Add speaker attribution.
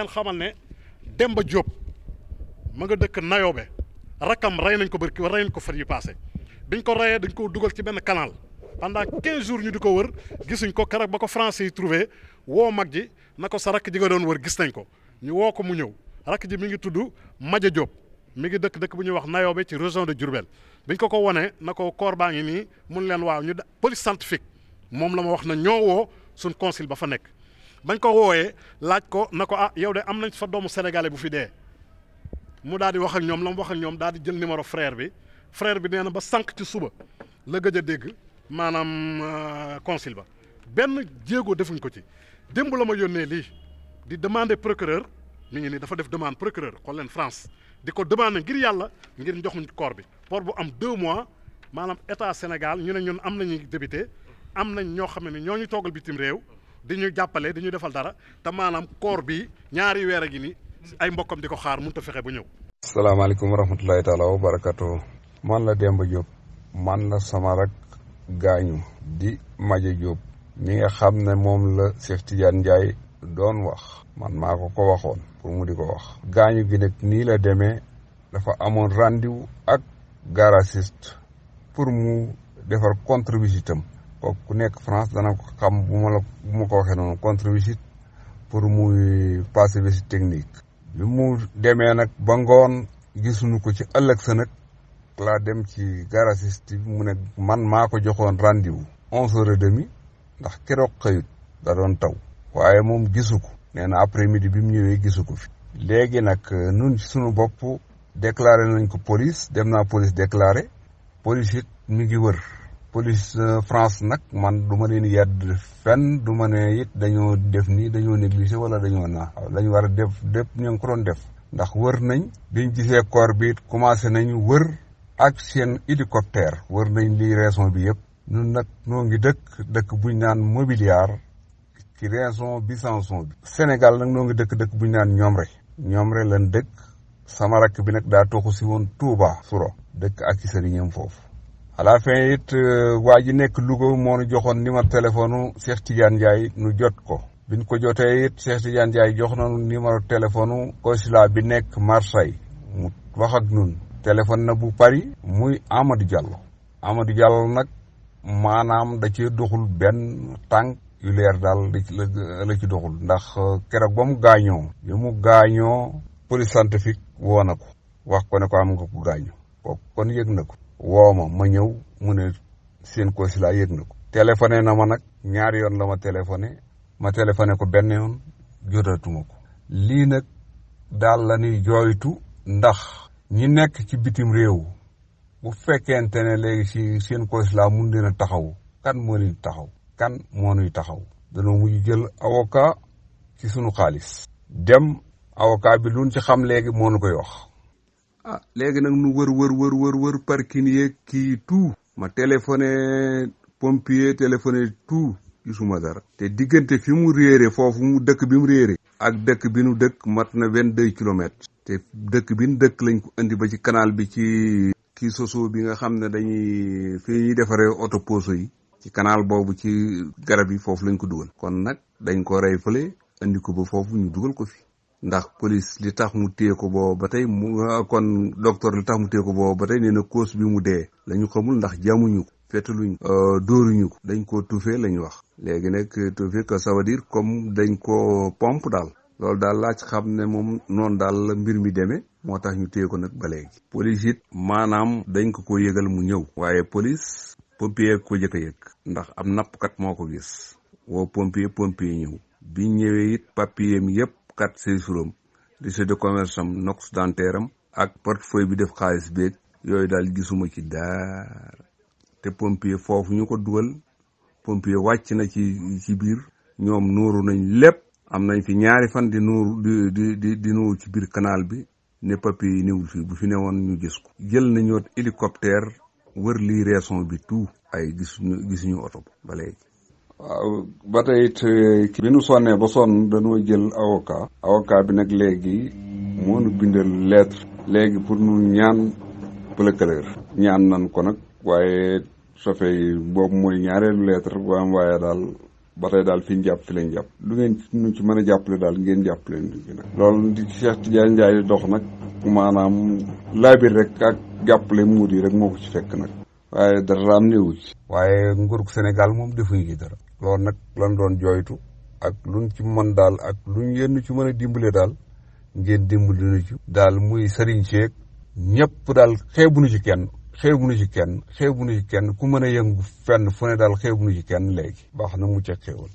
Speaker 1: leen xamal ne dem ba Diop ma nga dëkk Nayobe rakkam rey nañ ko bërki rey nañ ko fan yi passé biñ ko reyee dañ ko dugal ci benn canal pendant 15 jours ñu di ko wër gisuñ ko keroog ba ko français yi trouvé woo mag ji na ko sa rakk ji nga doon wër gis nañ ko ñu woo ko mu ñëw rakk ji mi ngi tudd Maja Diop mi ngi dëkk dëkk bu ñuy wax Nayobe ci région de Diourbel biñ ko ko wonee na ko koor baa ngi nii mun leen waaw ñu police scientifique moom la ma wax na ñoo suñ consul ba fa nekk bañ ko wooyee laaj ko na ko ah yow de am nañ fa doomu sénégalais bu fi dee mu daal di wax ak ñoom la mu wax ñoom daal di jël numéro frère bi frère bi nee na ba sànq ci suba la gëj a dégg maanaam euh, consul ba benn jéego defuñ ko ci démb la ma yónnee lii di demander procureur mi ngi nii dafa def demande procureur xool leen France di ko demander ngir yàlla ngir njoxuñ corps bi pour bu am deux mois maanaam état Sénégal ñu ne ñun am nañu député am nañ ñoo xam ne ñoo ñu toogal bitim réew. di ñu jàppale di ñu defal dara te maanaam koor bii ñaari weer a gi ni ay mbokkam di ko xaar mënut a fexe bu ñëw.
Speaker 2: salaamaaleykum wa rahmatulahi taala wa man la Demba Diop. man la sama rak gaañu. di Maje jóob mi nga xam ne moom la Cheikh Tidiane Ndiaye doon wax. man maa ko ko waxoon. pour mu di ko wax. gaañu gi nag nii la demee dafa amoon rendiw vous ak garagiste pour mu defar contre-visite kooku ku nekk France dana ko xam bu ma la bu ma ko waxee noonu contre visite pour muy passer visite technique. bi mu demee nag ba ngoon gisuñu ko ci ëllëg sa nag laa dem ci garagiste bi mu ne man maa ko joxoon rendez-vous. onze heures et ndax keroog xëyut da doon taw. waaye moom gisu ko. nee na après midi bi mu ñëwee gisu ko fi. léegi nag euh, nun sunu boppu déclaré nañ ko police dem naa police déclaré police it mi ngi wër. police euh, France nag man du ma leen yedd fenn du ma ne it dañoo def nii dañoo négligé wala dañoo na lañu war a def dépp ñu ngi ko doon def ndax wër nañ biñ gisee corps bi it commencé nañ wër ak seen hélicoptère wër nañ lii raison bi yëpp ñun nag noo ngi dëkk dëkk buñ naan Mobiliar ci raison sanson bi Sénégal nag noo ngi dëkk dëkk buñ naan ñoom rek ñoom Niomre lan dëkk sama rakk bi nag daa toxu si woon Touba Soura dëkk ak ci sëriñam foofu à la fin euh, waa ji nekk Louga moo nu joxoon numéro téléphone Cheikh Tidiane Ndiaye nu jot ko biñ ko jotee it Cheikh Tidiane Ndiaye jox na numéro téléphone consulat bi nekk Marseille mu wax ak ñun téléphone na bu Paris muy Amadou Diallo Amadou Diallo nag maanaam da ci doxul benn tànk yu leer daal la la ci doxul ndax euh, keroog ba mu gaañoo bi mu gaañoo police scientifique woo na ko wax ko ne ko am nga ko gaañoo kooku kon yëg na ko woo ma ma ñëw mu ne seen consulat yëg na ko. téléphoné na ma nag ñaari yoon la ma téléphoné ma téléphoné ko benn yoon jotatuma ko. lii nag daal la ñuy jooytu ndax. ñi nekk ci bitim réew bu fekkente ne léegi si seen consulat mun leen a taxaw kan moo leen taxaw. kan moo nuy taxaw. danoo mujj jël avocat ci sunu xaalis. dem avocat bi luñ ci xam léegi moo nu koy wax. a ah, léegi nag nu wër wër wër wër wër parking yeeg kii tout ma téléphoné pompier téléphoné tout gisuma dara te diggante fi mu réere foofu mu dëkk bi mu réere ak dëkk bi nu dëkk mat na vingt-deux kilomètres te dëkk bi nu dëkk lañ ko indi ba ci kanaal bi ci kii soso bi nga xam ne dañuy fi ñuy defaree oto poso yi ci kanaal boobu ci garab yi foofu lañ ko dugal kon nag dañ ko rey fële andi ko ba foofu ñu dugal ko fi ndax police li tax mu téye ko booba ba tey mu kon docteur li tax mu téye ko booba ba tey nee na cause bi mu dee la ñu xamul ndax jàmmuñu ko fetaluñ euh, dóoruñu ko dañ koo tuufee la ñu wax léegi nag euh, tuufee que ça comme dañ koo pompe daal loolu daal laaj xam ne moom noonu daal la mbir mi demee moo tax ñu téye ko nag ba léegi police it maanaam dañ ko ko yëgal mu ñëw waaye police pompier ko jëkk a yëg ndax am nappkat moo ko gis woo pompier pompier ñëw bi ñëwee papier mi yëpp carte séjour am registre de commerce am nox dentaire am ak portefeuille bi def xaalis beeg yooyu daal gisuma ci dara te pompier foofu ñu ko dugal pompier wàcc na ci ci biir ñoom nuuru nañ lépp am nañ fi ñaari fan di nuur di di di di ci biir kanaal bi ne papier yi newul fii bu fi newoon ñu gis ko jël nañu hélicoptère wër lii raison bi tout ay gisuñu gisuñu oto ba léegi waaw ba tey it bi nu sonnee ba sonn dañoo jël avocat avocat bi nag léegi moo nu bindal lettre léegi pour nu ñaan procureur ñaan nan ko nag waaye sofey boobu mooy ñaareelu lettre waam waaye daal ba daal fi ñu jàpp fi lañ jàpp du ngeen nu ci mën a jàppale daal ngeen jàppale ñu nag loolu di Cheikh Tidiane Ndiaye dox nag maanaam laabir rek ak leen muut yi rek moo ko ci fekk nag waaye dara am néewu ci waaye nguurug Sénégal moom defuñu ci dara loolu nag lan doon jooytu ak luñ ci mën daal ak luñ yenn ci mën a dimbale daal ngeen dimbali nu ci daal muy sëriñ ceeg ñëpp daal xeebu nu ci kenn xeebu nu ci kenn xeebu nu ci kenn ku mën a yëngu fenn fu ne daal xeebu nu ci kenn léegi baax na mu ca xéewal